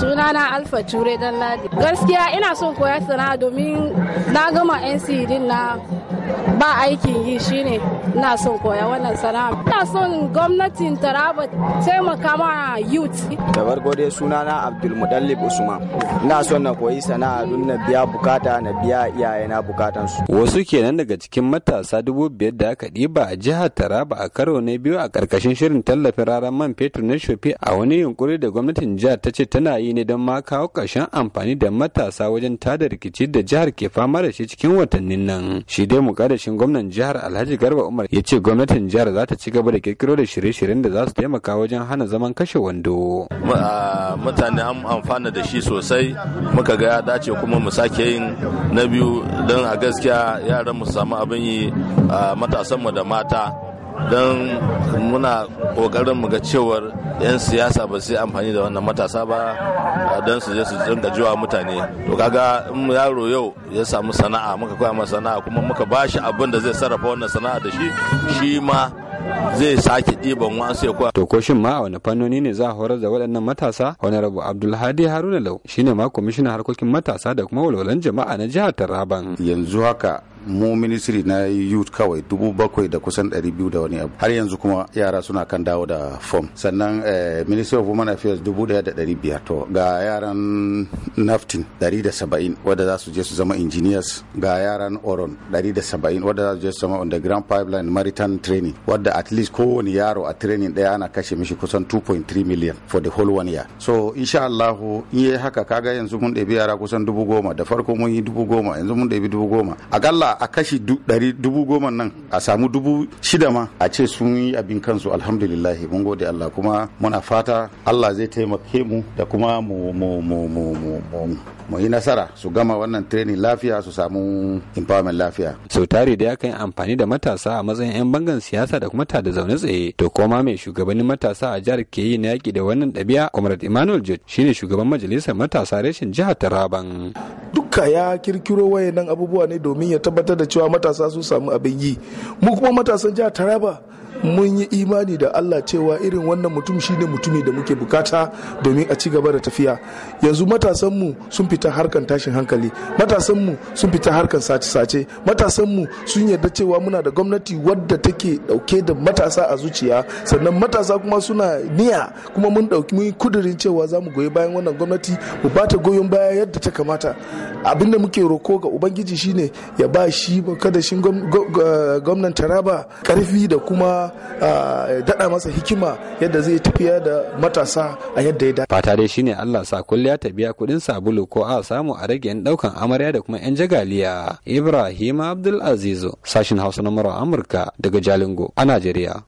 Sunana Alfa Ture Dan Ladi. Gaskiya ina son koya sana'a domin na gama NC e din na ba aikin yi shine ina son koya wannan sana Ina son gwamnatin Taraba taimaka ma youth. Da farko dai sunana Abdulmudallib Usman. Ina son na koyi sana'a don na biya bukata na biya iyayena bukatan su. Wasu kenan daga cikin matasa dubu biyar da aka ɗiba a jihar Taraba a karo na biyu a ƙarƙashin shirin tallafin raran man fetur na shofi a wani yunkuri da gwamnatin jihar ta ce tana yi yi ne don ma kawo ƙarshen amfani da matasa wajen tada rikici da jihar ke fama da shi cikin watannin nan shi dai mukaddashin gwamnan jihar alhaji garba umar ya ce gwamnatin jihar za ta ci gaba da kirkiro da shirye-shiryen da za su taimaka wajen hana zaman kashe wando mutane an amfana da shi sosai muka ga ya dace kuma mu sake yin na biyu don a gaskiya yaran mu samu abin yi matasanmu da mata don muna kokarin mu ga cewar 'yan siyasa ba su yi amfani da wannan matasa ba don su je su dinga jiwa mutane to kaga in yaro yau ya samu sana'a muka koya masa sana'a kuma muka ba shi abin da zai sarrafa wannan sana'a da shi shi ma zai sake ɗiban wasu ya koya. To ko shin ma a wani fannoni ne za a horar da waɗannan matasa? Wani rabu Abdulhadi Haruna Lau shine ma kwamishinan harkokin matasa da kuma walwalan jama'a na jihar Taraban. Yanzu haka mu ministry na youth kawai dubu bakwai da kusan ɗari biyu da wani abu har yanzu kuma yara suna kan dawo da form sannan eh, ministry of women affairs dubu ɗaya da ɗari biyar to ga yaran naftin ɗari da saba'in wadda za su je su zama engineers ga yaran oron ɗari da saba'in wadda za su je su zama on the grand pipeline maritime training wadda at least kowane yaro a training ɗaya ana kashe mishi kusan 2.3 million for the whole one year so insha Allah in yi haka kaga yanzu mun ɗebi yara kusan dubu goma da farko mun yi dubu goma yanzu mun ɗebi dubu goma akalla a kashi dubu goma nan a samu dubu shida ma a ce sun yi abin kansu alhamdulillah mun gode Allah kuma muna fata Allah zai taimake mu da kuma mu mu mu mu mu mu yi nasara su gama wannan training lafiya su samu empowerment lafiya. sau tare da yakan amfani da matasa a matsayin 'yan bangan siyasa da kuma da zaune tsaye to koma mai shugabannin matasa a jihar ke yi na yaƙi da wannan ɗabi'a comrade emmanuel jud shine shugaban majalisar matasa reshen jihar taraban duka ya kirkiro wayannan abubuwa ne domin ya tabbatar da cewa matasa su samu abin yi mu kuma matasan jihar taraba mun yi imani da Allah cewa irin wannan mutum shine mutumi da muke bukata domin a ci gaba da tafiya yanzu matasanmu sun fita harkan tashin hankali matasanmu sun fita harkan sace-sace matasanmu sun yarda cewa muna da gwamnati wadda take dauke da matasa a zuciya sannan matasa kuma suna niya kuma mun dauki mun kudirin cewa za mu goyi bayan wannan gwamnati mu bata goyon baya yadda ta kamata abinda muke roko ga ubangiji shine ya ba shi kada shi gwamnan taraba karfi da kuma daɗa masa hikima yadda zai tafiya da matasa a yadda ya dace. Fata dai shine Allah sa kulliya ta biya kuɗin sabulu ko a samu a rage 'yan ɗaukan amarya da kuma 'yan jagaliya. Ibrahim Abdulaziz sashin Hausa na Amurka daga Jalingo a Najeriya.